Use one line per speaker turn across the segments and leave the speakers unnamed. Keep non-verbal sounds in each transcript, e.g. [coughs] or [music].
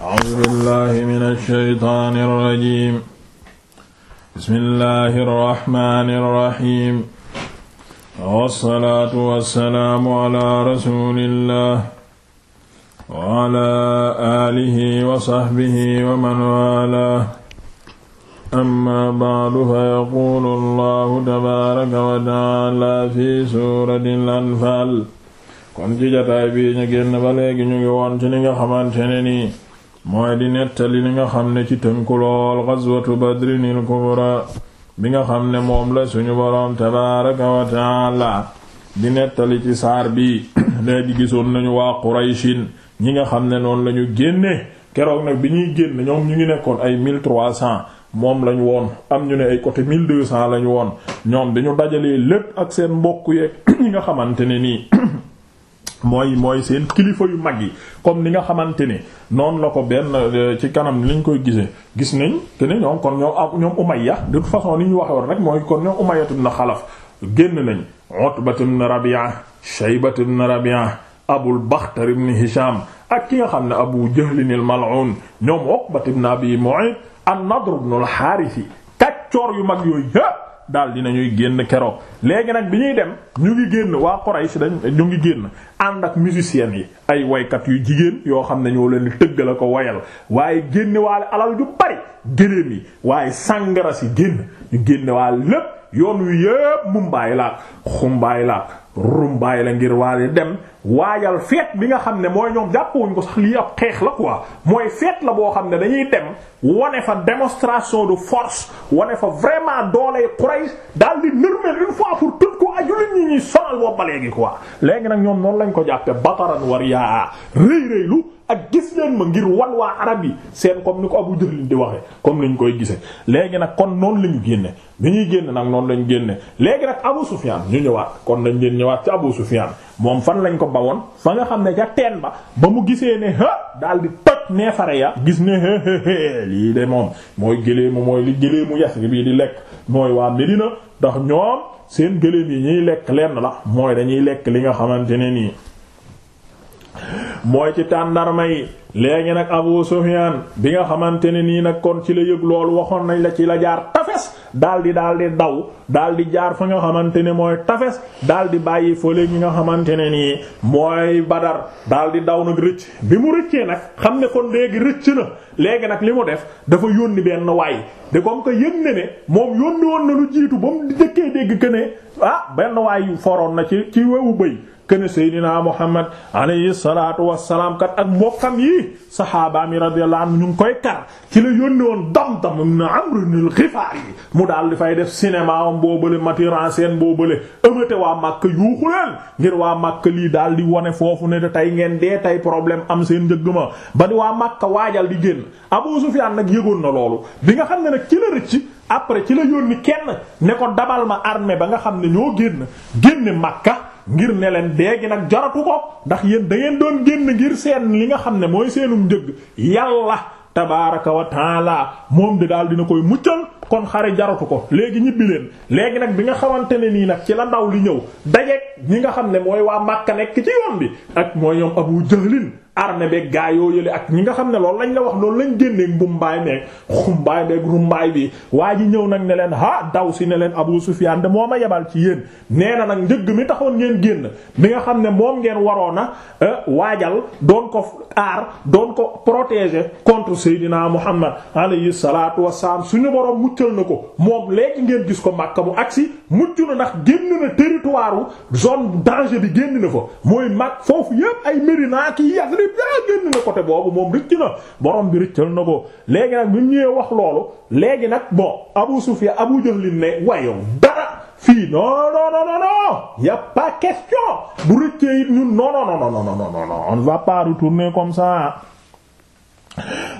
A'uuzu billaahi mina shaytaani rajiim. Bismillaahi rahmaani rahiim. Wassalaatu wassalaamu alaa rasuulillaah wa alaa aalihi wa sahbihi wa man waalaah. Ammaa ba'du fayaquulu Allaahu tabaaraka wa ta'aalaa fi suuratil Anfaal. Kon ci jotaay bi ñu génn ba léegi ñu ngi woon ci li nga xamante ne nii. mooy di nettali li nga xam ne ci tënku lool gazwatu badrinil kubra bi nga xam ne moom la suñu boroom tabaaraka wa taala di nettali ci saar bi [coughs] léegi gisoon nañu waa qurayshin ñi nga xam ne noonu la ñu génne keroog nag bi ñuy génn ñoom ñu ngi nekkoon ay mille cent moom lañu woon am ñu ne ay côté mille deux cent lañu woon ñoom dañu dajalee lépp ak seen mbokk yeeg [coughs] ñi nga xamante ne nii [coughs] mooy mooy seen kilifa yu mag yi comme ni nga xamante ni noonu la ko benn euh, ci kanam liñ koy gisee gis nañ te ne ñoom kon ñoom ah, ñoom Umayya façon ni ñu waxe woon rek mooy kon ñoom Umayya na Xalaf génn nañ Utba ibn Rabi'a Shayba ibn Rabi'a Abul Baxtar ibn Hisham ak ki nga xam ne Abu Jahl al-mal'un ñoom Uqba ibn Abi Mu'ayt an-Nadr ibn al kaccoor yu mag yooyu yëpp daal dinañuy génn keroog léegi nag bi ñuy dem ñu ngi génn waa Quraysh dañ ñu ngi génn ànd ak musiciens yi ay woykat yu jigéen yoo xam ne ñoo leen di tëgg la ko woyal waaye génne alal ju bari géléem yi waaye sàngara si génn ñu génne lépp yoon wi yépp mumbaay laak xumbaay laak rumbaay la ngir waale dem waajal feet bi nga xam ne mooy ñoom jàppuwuñ ko sax lii ab xeex la quoi mooy feet la boo xam ne dañuy dem wane fa démonstration de force wane fa vraiment dooley Quraysh daal di nërmeel une fois pour toutes ko aju nit ñi ñuy sonal woo ba léegi quoi nag ñoom noonu lañ ko jàppe bataran war yaa rëy rëylu ak gis leen ma ngir wal waa arab yi seen comme ni ko Abu Jahl di waxee comme niñ koy gise léegi nag kon noonu la ñu génne ñuy génne nag noonu lañ génne léegi nag Abu lañ ñëwaat ci Abu Sufyan moom fan lañ ko bawoon fa nga xam ne ca teen ba ba mu gisee ne ha daal di toj neefare ya gis ne hé lii de moom mooy géléemu mooy li géléemu Yasrib bi di lekk mooy waa Medina ndax ñoom seen géléem yi ñuy lekk lenn la mooy dañuy lekk li nga xamante ne nii mooy ci tàndarma yi léegi nag Abu Sufyan bi nga xamante ne nii nag kon ci la yëg loolu waxoon nañ la ci la jaar tafes daal di daal di daw daal di jaar fa nga xamante ne mooy tafes daal di bàyyi fële ñi nga xamante ne nii mooy badar daal di daw nag rëcc bi mu rëccee nag xam ne kon léegi rëcc na léegi nag li mu def dafa yónni benn waay de comme que yëg na ne moom yónni woon na lu jiitu ba mu jëkkee dégg que ne ah benn waay foroon na ci ci wewu bëy kene Seydina Muhammad alayhi salaatu wassalaam kat ak mbokkam yi saxaabaam yi radiyallahu anhu ñu ngi koy kar ci la yónni woon Damdam ibn Amr al fay def cinéma am boobale metteur en scène boobale ëmate waa ngir waa Makka lii daal di wone foofu ne tey ngeen dee tey problème am seen njëgg ma ba di waa Makka waajal di génn Abu Sufyaan nag yëgoon na loolu bi nga xam ne nag ci la rëcc après ci la yónni kenn ne ko dabal ma armée ba nga xam ne ñoo génn génne Makka ngir ne leen déegi nag jaratu ko ndax yéen da doon génn ngir seen li nga xam ne mooy seenum njëg yàlla tabaaraka wa taala moom di daal dina koy muccal kon xare jaratu ko léegi ñibbi leen léegi nag bi nga xawante ne nii nag ci la ndaw li ñëw dajeek ñi nga xam ne mooy waa Makka nekk ci yoon bi ak mooy ñoom Abu Jahlin armée beeg gaa yoo yële ak ñi nga xam ne loolu lañ la wax loolu lañ génneeg mbumbaay meeg xumbaay beeg rumbaay bi waa ji ñëw nag ne leen ah daw si ne leen Abu Sufyaan de moo ma yebal ci yéen nee na nag njëgg mi taxoon ngeen génn mi nga xam ne moom ngeen waroon a euh, waajal doon ko aar doon ko protéger contre Seydina Muhammad alayhi salaatu wassalaam suñu borom muccal na ko moom léegi ngeen gis ko Makka bu agsi mucc na ndax génn na territoire zone danger bi génn na Mutalib daa génn na côté boobu moom rëcc na borom bi rëccal na ko léegi nag bi mu ñëwee wax loolu léegi nag bon Abu Sufyan Abu Jahl ne wayow dara fii non non non non y a pas question bu rëccee it ñun non non non non non non non on va pas retourner comme ça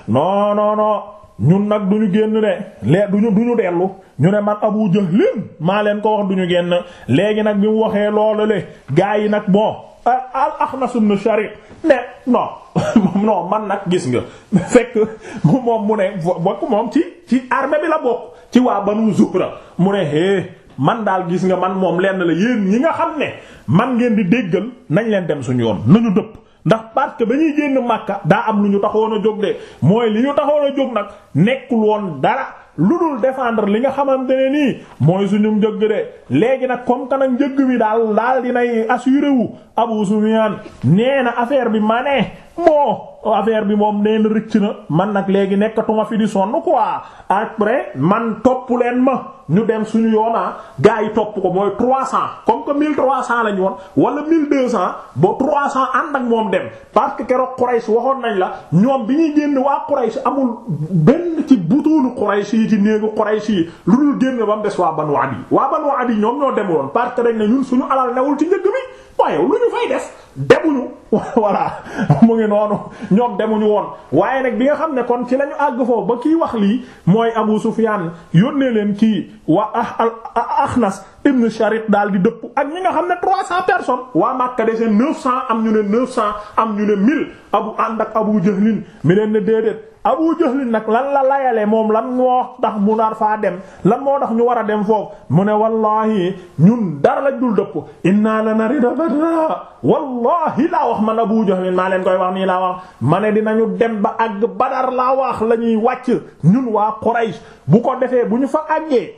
non non non ñun nag du ñu génn de lee duñu du ñu dellu ñu ne man Abu Jahl maa leen ko wax du ñu génn léegi nag bi mu waxee loolu le gaa yi nag bon. Euh, al Axnas na Shariq ne non [laughs] non man nag gis nga [laughs] fekk mu moom mu ne bokk moom ci ci armée bi la bokk ci waa Banu Zuhra mu ne hé man daal gis nga man moom lenn la yéen ñi nga xam ne man ngeen di déggal nañ leen dem suñu yoon nañu dëpp ndax parce que ba ñuy génn Makka daa am lu ñu taxoon a jóg de mooy li ñu taxoon a jóg nag nekkul woon dara lu dul défendre li nga xamante ne nii mooy suñu njëgg de léegi nag comme que nag njëgg bi daal daal dinay assuré wu Abu Sufyan nee na affaire bi ma ne moo affaire bi moom nee na na man nag léegi nekkatuma fi di sonn quoi après man topp leen ma ñu dem suñu yoonaa ah. gars yi topp ko mooy trois cent comme que mille trois cent lañu woon wala mille deux cent ba trois cent ànd ak moom dem parce que keroog Quraysh waxoon nañ la ñoom bi ñuy génn waa Quraysh amul benn butuunu Quraysh yi ci néegu Quraysh yi lu dul génn ba mu des waa Banu Adi waa Banu Adi ñoom ñoo demuloon parce que dañ ne ñun suñu alal newul ci njëgg mi waaye lu ñu fay def demuñu [laughs] voilà mu ngi noonu ñoom demuñu woon waaye nag bi nga xam ne kon ci la ñu àgg foofu ba kii wax lii mooy Abu Sufyan yónnee leen kii waa ah Axnas ah, ibn Sharit daal di dëpp ak ñi nga xam ne trois cent personnes waa Makka dese neuf cent am ñu ne neuf cent am ñu ne mille abu ànd ak Abu Jahlin mi leen ne déedéet Abu Jahlin nag lan la layale moom lan moo tax mu nar faa dem lan moo tax ñu war a dem foofu mu ne wallahi ñun dara lañ dul dëpp inna lanarida abadaa wallahi laa wax man Abu Jahl maa leen koy wax nii laa wax ma ne dinañu dem ba àgg Badar laa wax lañuy wàcc ñun waa Quraysh bu ko defee bu ñu fa àggee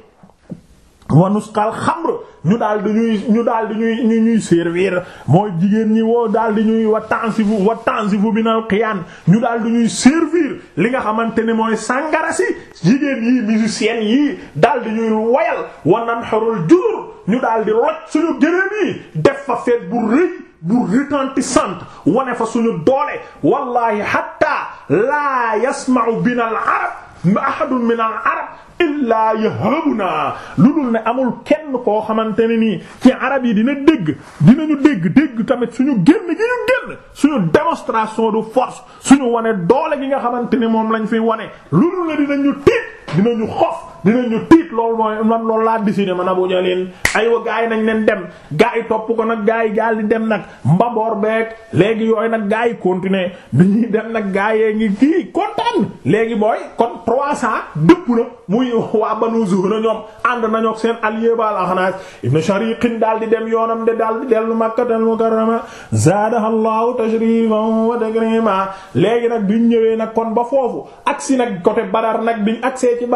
wanusqal xamr ñu daal di ñu daal di ñuy ñu servir mooy jigéen ñi woo daal di ñuy wa tansifu wa tansifu binal qiyaan ñu daal di ñuy servir li nga xamante ne mooy sàngara si jigéen yi musiciennes yii daal di ñuy woyal wa nanhurul jur ñu daal di loj suñu gëréem yi def fa feet bu rëy bu retentissante wane fa suñu doole wallahi hatta la yasma'u bina al arab ahadun min al arab illaa yahabuna lu dul ne amul kenn koo xamante ne nii ci arab yi dina dégg dinañu dégg dégg tamit suñu génn gi ñu génn suñu démonstration du force suñu wane doole gi nga xamante ne moom lañ fi wane lu dul ne dinañu tiit dinañu xof dinañu tiit loolu mooy man loolu laa décidé man abu jalin aywa gars yi nañ leen dem gars yi topp ko nag gars yi gaal di dem nag mbaboor beeg léegi yooyu nag gars yi continuer bi ñuy dem nag gars yee ngi kii kontaan léegi booy kon trois cent dëpp na muy waa banu Zuhra ñoom ànd nañoo seen allié ba al-Axnas ibn Shariqin daal di dem yoonam de daal di dellu Makkatal Mukarrama zaadaha Allahu tashrifan wa takrima léegi nag biñ ñëwee nag kon ba foofu agsi nag côté Badar nag biñ agsee ci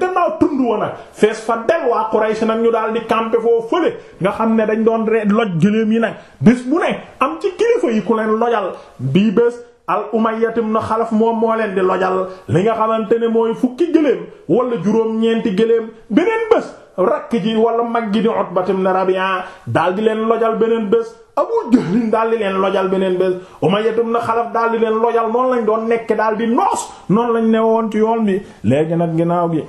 gannaaw tund wa nag fees fa del waa Quraysh nag ñu daal di camper foo fële nga xam ne dañ doon re loj gëléem yi nag bés bu ne am ci kilifa yi ku leen lojal bii bés al Umayya na Xalaf moom moo leen di lojal li nga xamante ne mooy fukki gëléem wala juróom-ñeenti gëléem beneen bés rakk ji wala mag ji di Utba ibn Rabi'a daal di leen lojal beneen bés. Abu Jahl daal di leen lojal beneen bés Umayya na Xalaf daal di leen lojal noonu lañ doon nekk daal di noonu lañ newoon ci yoon bi léegi nag ginnaaw gi.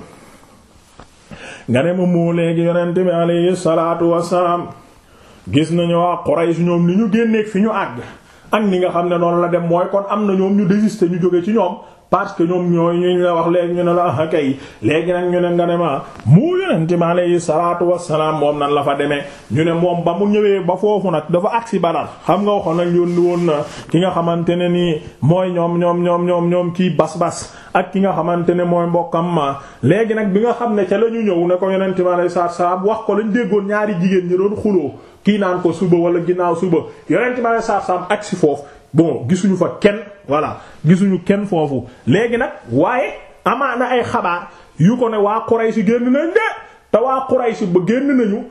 nga ne ma moo léegi yonent bi alayhi salaatu wassalaam gis nañu waa Quraysh ñoom li ñu génneeg fi ñu àgg ak ni nga xam ne noonu la dem mooy kon am na ñoom ñu désisté ñu jóge ci ñoom parce que ñoom ñooy ñu la wax léegi ñu ne la ah kay léegi nag ñu ne nga ne ma mu yonente mi alayhi salaatu wassalaam moom nan la fa demee ñu moom ba mu ñëwee ba foofu nag dafa ba Badar xam nga nag yoon ni woon na ki nga xamante ne nii mooy ñoom ñoom ñoom ñoom ñoom kii bas-bas ak ki nga xamante ne mooy mbokkam ma léegi nag bi nga xam ne ca la ñu ñëw ne ko yonente mi alayhi salaatu wassalaam wax ko lañ déggoon ñaari jigéen ñi doon xuloo kii naan ko suba wala ginnaaw suba yonente mi alayhi salaatu wassalaam agsi foofu bon gisuñu fa kenn voilà gisuñu kenn foofu léegi nag waaye amaa na ay xabaar yu ko ne waa Quraysh génn nañ de te waa Quraysh ba génn nañu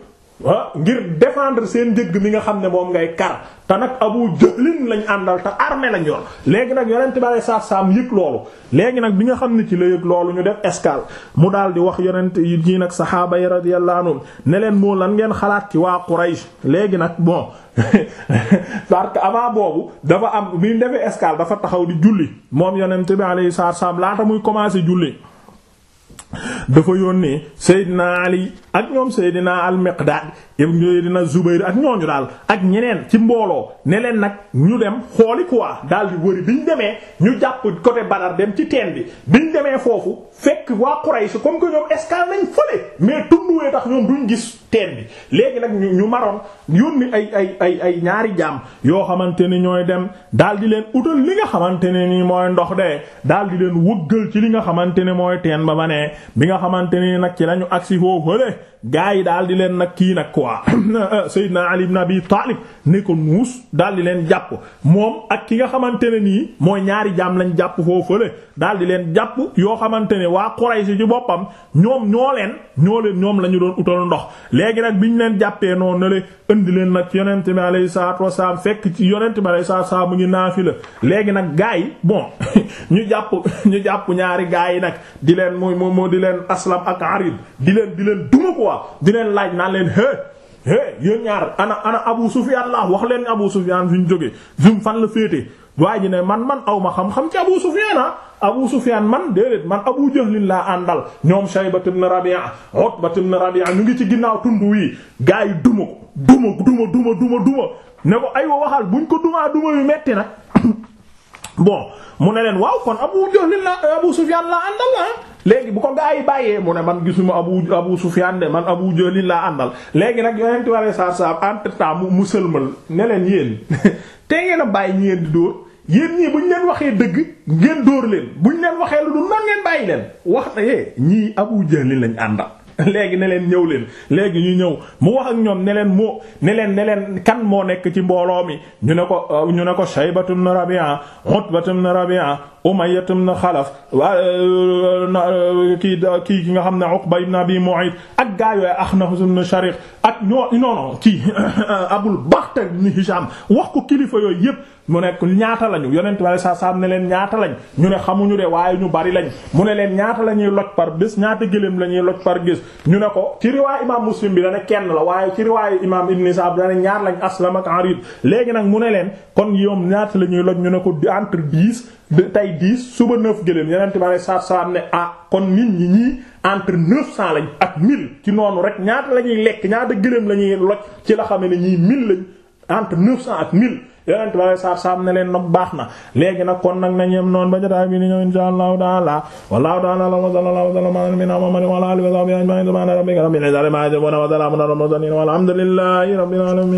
ngir défendre seen njëgg mi nga xam ne moom ngay kar te nag abu jahlin lañ àndal te armée lañ yor léegi nag yonent bi aley saatu salaam yëg loolu léegi nag bi nga xam ne ci la yëg loolu ñu def escale mu daal di wax yonent yi nag saxaaba yi radiyallahu anhum ne leen moo lan ngeen xalaat ci waa Quraysh léegi nag bon [laughs] parce que avant boobu dafa am bi ñu defee escale dafa taxaw di julli moom yonent bi aley saatu salaam laata muy commencer julli dafa yónnee na Ali ak ñoom Seydina al-Miqdaad ibn na Zubayr ak ñooñu daal ak ñeneen ci mbooloo ne leen nag ñu dem xooli quoi daal di wëri biñ demee ñu jàpp côté Badar dem ci teen bi biñ demee foofu fekk waa Quraysh comme que ñoom escale nañ fële mais tunduwee tax ñoom duñ gis. teen bi léegi nag ñu maroon yónni ay ay ay ay ñaari jaam yoo xamante ni ñooy dem daal di leen utal li nga xamante ne nii mooy ndox de daal di leen wëggal ci li nga xamante ne mooy teen ba ba ne bi nga xamante ni nag ci lañu agsi foofu le gaa yi daal di leen nag kii nag quoi [coughs] Seydina Ali ibn Abi Talib ne ko nuus daal di leen jàpp moom ak ki nga xamante ne nii mooy ñaari jaam lañ jàpp foofu le daal di leen jàpp yoo xamante ne waa Quraysh ci boppam ñoom ñoo leen ñoo leen ñoom la ñu doon utal ndox léegi nag bi ñu leen jàppee noonu na le indi leen nag yonent bi alayhi salaatu wasalaam fekk ci yonent bi alayhi salaatu wasalaam mu ngi naafila léegi nag gaa yi bon [laughs] ñu jàpp [laughs] ñu jàpp ñaari gaa yi nag di leen muy mu di leen aslam ak arid di leen di leen duma quoi di leen laaj naa leen hé hé yéen ñaar ana ana Abu Sufyaan la wax leen Abu Sufyaan fi ñu jógee fi fan la féete waa ji ne man man aw ma xam-xam ci Abu Sufyan ah Abu Sufyan man déedéet man Abu jëlin laa àndal ñoom Shaybat ibn Rabi'a Utbat ibn Rabi'a ñu ngi ci ginnaaw tund wii gaa yi duma ko duma duma duma duma duma ne ko aywa waxal buñ ko dumaa duma yu metti nag [coughs] bon mu ne leen waaw kon Abu Jahlin laa Abu Sufyan laa àndal ah léegi bu ko gaa yi bàyyee mu ne man gisuma abu abu Sufyaan de man abu Jahlin laa àndal léegi nag yonent waree saar saar entre temps mu mu sëlmal ne leen yéen [laughs] te ngeen a bàyyi ñi ngeen di dóor yéen ñii bu ñu leen waxee dëgg ngeen dóor leen bu ñu leen waxee lu dul noonu ngeen bàyyi leen wax na yee eh, ñii Abu Jahl lañ àndal [laughs] léegi ne leen ñëw leen léegi ñu ñëw mu wax ak ñoom ne leen moo ne leen ne leen kan moo nekk ci mbooloo mi ñu ne ko euh, ñu ne ko Shaybatu ibn Rabi'a Utbatu ibn Rabi'a Umayya ibn Xalaf wa euh, euh, kii kii ki nga xam ne Uqba ibn Abi Mu'ayt ak gaa yooyu Axnas ibn Shariq ak ñoo non non kii [laughs] Abul Baxtari ibn Hisham wax ko kilifa yooyu yépp mu nekk ñaata lañu yonent bi saa saa ne leen ñaata lañ ñu ne xamuñu de waaye ñu bari lañ mu ne leen ñaata la ñuy loj par bés ñaata gëléem la ñuy loj par gis ñu ne ko ci riwaayu imaam Muslim bi dana kenn la waaye ci riwaayu imaam Ibn Isaab dana ñaar lañ aslam ak arid léegi nag mu ne leen kon yoom ñaata la loj ñu ne ko entre dix tay tey dix suba neuf gëléem yeneen tubaab yi saaf saaf ne a ah, kon nit ñi ñii entre neuf cent lañ ak mille ci noonu rek ñaata la lekk ñaata gëléem la loj ci la xam ne ñii mille lañ entre neuf cent ak mille yeneen tubaab yi saaf saaf nag baax na léegi nag kon nag nañu yem noonu ba jotaay bi ni ñëw insha allahu taala wallahu taala wa sallallahu wa sallama ala nabiyyina muhammadin wa ala alihi wa sahbihi ajma'in subhana alamin